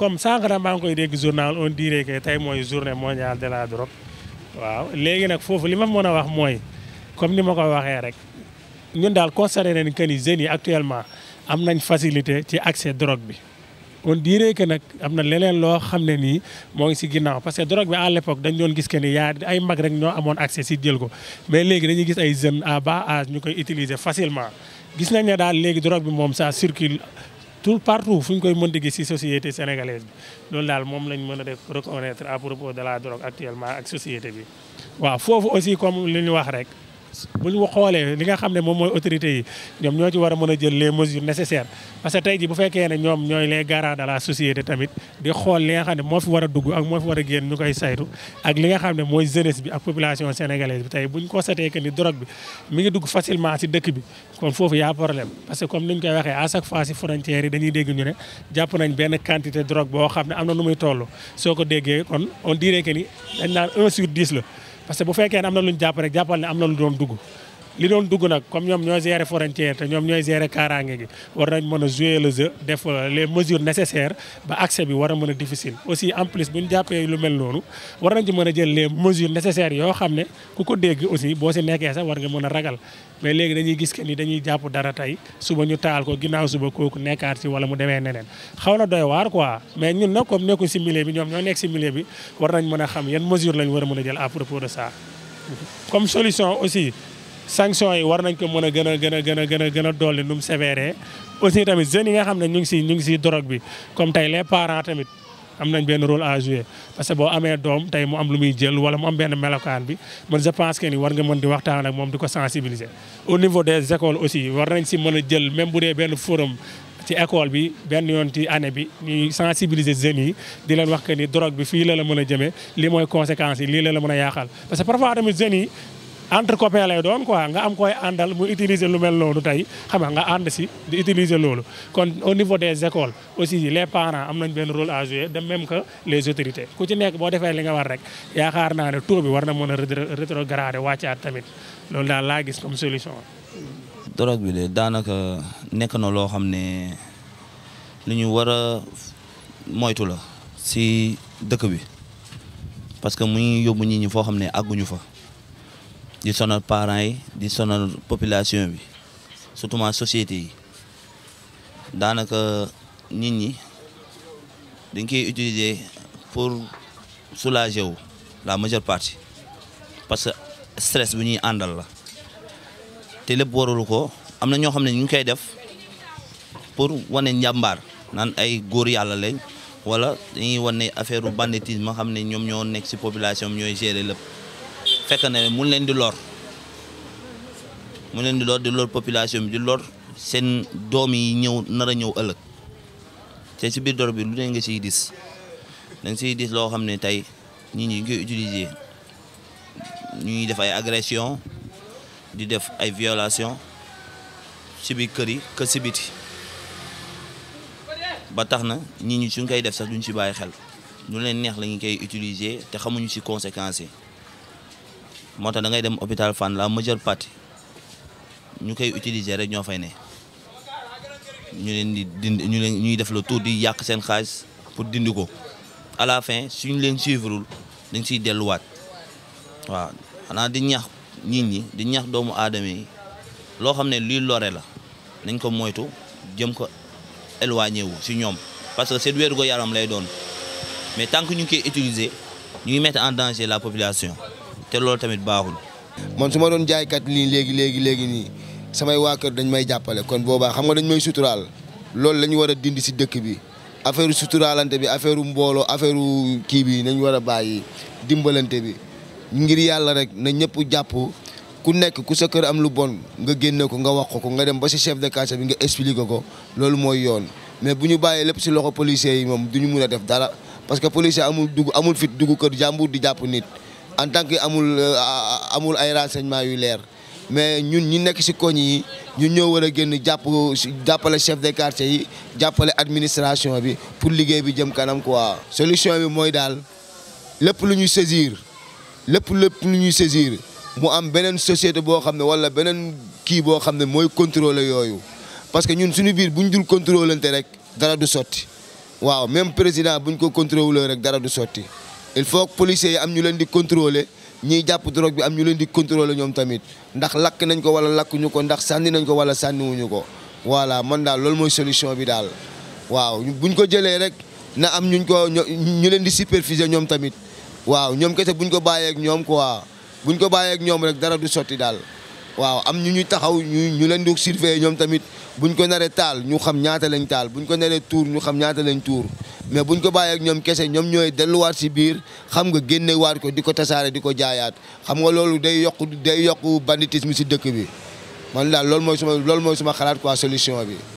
comme sànq na maa ngi koy dégg journal on dirait que tey mooy journée mondiale de la drogue waaw léegi nag foofu li ma mën a wax mooy comme ni ma ko waxee rek ñun daal constaté nañ que ni jeunes yi actuellement am nañ facilité ci accès drogue bi. oon dirait que nag am na leneen loo xam ne nii moo ngi si ginnaaw parce que drogue bi à l'époque dañ doon gis que ni yaa ay mag rek ñoo amoon accès si jël ko mais léegi dañuy gis ay jeunes à ba âge ñu koy utiliser facilement gis nañ ne daal léegi drogue bi moom ça circule. tout partout fu ñu koy mën di gis ci société sénégalaise bi loolu daal moom lañ mën a def reconnaître à propos de la drogue actuellement ak société bi waaw foofu aussi comme li ñu wax rek. bu ñu xoolee li nga xam ne moom mooy autorités yi ñoom ñoo ci war a mën a jël les mesures nécessaires parce que tey ji bu fekkee ne ñoom ñooy les garants de la société tamit di xool li nga xam ne moo fi a dugg ak moo war a génn ñu koy saytu li nga xam ne mooy jeunesse bi ak population sénégalaise bi tey buñ ñu constaté que ni drogue bi mi ngi dugg facilement si dëkk bi kon foofu yaa problème parce que comme ni ñu koy waxee à chaque fois si frontières yi dañuy dégg ñu ne jàpp nañ benn quantité drogue boo xam ne am na nu muy toll soo ko déggee kon on dirait que ni la parce que bu fekkee ne am na lu ñu jàpp ne am na lu doon dugg li doon dugg nag comme ñoom ñoo gérer frontière te ñoom ñooy gérer kaaraange gi war nañ mën a jouer le jeu def euh, les mesures nécessaires ba accès bi war a mën a difficile aussi en plus bu ñu jàppee lu mel noonu war nañ ci mën a jël les mesures nécessaires yoo xam ne ku ko dégg aussi boo si nekkee sax war nga mën a ragal mais léegi dañuy gis que ni dañuy jàpp dara tey suba ñu taal ko ginnaaw suba kooku nekkaat si wala mu demee neneen xaw na doy waar quoi mais ñun nag comme nekkuñ si milieu bi ñoom ñoo nekk si milieu bi war nañ mën a xam yan mesures lañ war a mën a jël à propos de ça comme solution sanction yi war nañ ko mën a gën a gën a gën a gën a gën a dolli nu mu sévère aussi tamit jeunes yi nga xam ne ñu ngi si ñu ngi si drogue bi comme tey les parents tamit am nañ benn rôle à jouer parce que boo amee doom tey mu am lu muy jël wala mu am benn melokaan bi man je pense que ni war nga mën di waxtaan ak moom di ko sensibiliser. au niveau des écoles aussi war nañ si mën a jël même bu dee benn forum ci école bi benn yoon ci année bi ñuy sensibiliser jeunes yi di leen wax que ni drogue bi fii la la mën a jëmee lii mooy conséquences yi lii la la mën a yaaxal entre copain lay doon quoi nga am koy àndal mu utiliser lu mel noonu tey xam nga nga ànd si di utiliser loolu kon au niveau des écoles aussi les parents am nañ benn rôle à jouer de même que les autorités ku ci nekk boo defee li nga war rek yaakaar naa ne bi war na mën a rétrogradé wàccaat tamit loolu daal laa gis comme solution. drogue bi daanaka nekk na loo xam ne lu ñu war a moytu la si dëkk bi parce que mu ngi yóbbu nit ñi foo xam ne àgguñu fa. di sonal parent yi di sonal population bi surtout ma société yi daanaka nit ñi dañ koy utiliser pour soulager wu la majeure partie parce que stress bu ñuy àndal la te lépp waralu ko am na ñoo xam ne ñu ngi koy def pour wane njàmbaar naan ay góor yàlla lañ wala dañuy wane affaire banditisme xam ne ñoom ñoo nekk ci population ñooy gérer lépp. fekk na mu leen di lor mu leen di lor di lor population bi di lor seen doom yi ñëw nar a ñëw ëllëg te si biir door bi lu ne nga siy dis da siy dis loo xam ne tey nit ñi ngi koy utiliser ñu ngi def ay agression di def ay violation si biir kër yi kër ba tax na nit ñi suñ koy def sax duñ si bàyyi xel lu leen neex lañu ñu koy utiliser te xamuñu si conséquences yi moo tax da ngay dem hôpital Fann la majeure partie ñu koy utiliser rek ñoo fay ne ñu leen di dindi ñu leen ñuy def le tour di yàq seen xaalis pour dindi ko à la fin suñu leen suivrul dañ siy delluwaat waaw xanaa di ñax nit ñi di ñax doomu aadama yi loo xam ne luy lore la nañ ko moytu jëm ko éloigné wu si ñoom parce que seen wér-gu-yaram lay doon mais tant que ñu ngi koy utiliser ñu ngi mettre en danger la population te loolu tamit baaxul. man su ma doon jaaykat nii léegi léegi léegi nii samay waa kër dañ may jàppale kon boobaa xam nga dañ may suturaal loolu la ñu war a dindi si dëkk bi affaire suturaalante bi affaire mbooloo affaire kii bi nañu war a bàyyi dimbalante bi ngir yàlla rek na ñëpp jàpp ku nekk ku sa kër am lu bon nga génne ko nga wax ko nga dem ba si chef de quartier bi nga expliqué ko loolu mooy yoon mais bu ñu bàyyee lépp si loxo policiers yi moom du ñu mun a def dara parce que policier amul dugg amul fit dugg kër jàmbur di jàpp nit. en tant que amul euh, amul ay yu leer mais ñun ñu nekk si koñ yi ñu ñoo war a génn jàpp jàppale chef de quartier yi jàppale administration bi pour liggéey bi jëm kanam quoi. solution bi mooy daal lépp lu ñuy saisir lépp lépp lu ñuy saisir mu am beneen société boo xam ne wala beneen kii boo xam ne mooy controle yooyu parce que ñun suñu biir bu ñu dul contrôlante rek dara du sotti waaw même président bu ñu ko contrôler rek dara du sotti. il faut que yi am ñu leen di contrôler ñiy jàpp drogue bi am ñu leen di contrôler ñoom tamit ndax lakk nañ ko wala lakkuñu ko ndax sànni nañ ko wala sànniwuñu ko voilà man daal loolu mooy solution bi daal waaw buñ ko jëlee rek na am ñuñ ko ñu leen di superviser ñoom tamit waaw ñoom kese buñ ko bàyyee ñoom ko quoi buñ ko bàyyee ñoom rek dara du sotti daal waaw am ñu ñu taxaw ñu ñu leen di surveiller ñoom tamit buñ ko naree taal ñu xam ñaata lañ taal buñ ko naree tuur ñu xam ñaata lañ tuur mais buñ ko bàyyee ak ñoom kese ñoom ñooy delluwaat si biir xam nga génne waat ko di ko tasaare di ko jaayaat xam nga loolu day yokku day yokku banditisme si dëkk bi man daal loolu mooy suma loolu mooy suma xalaat quoi solution bi.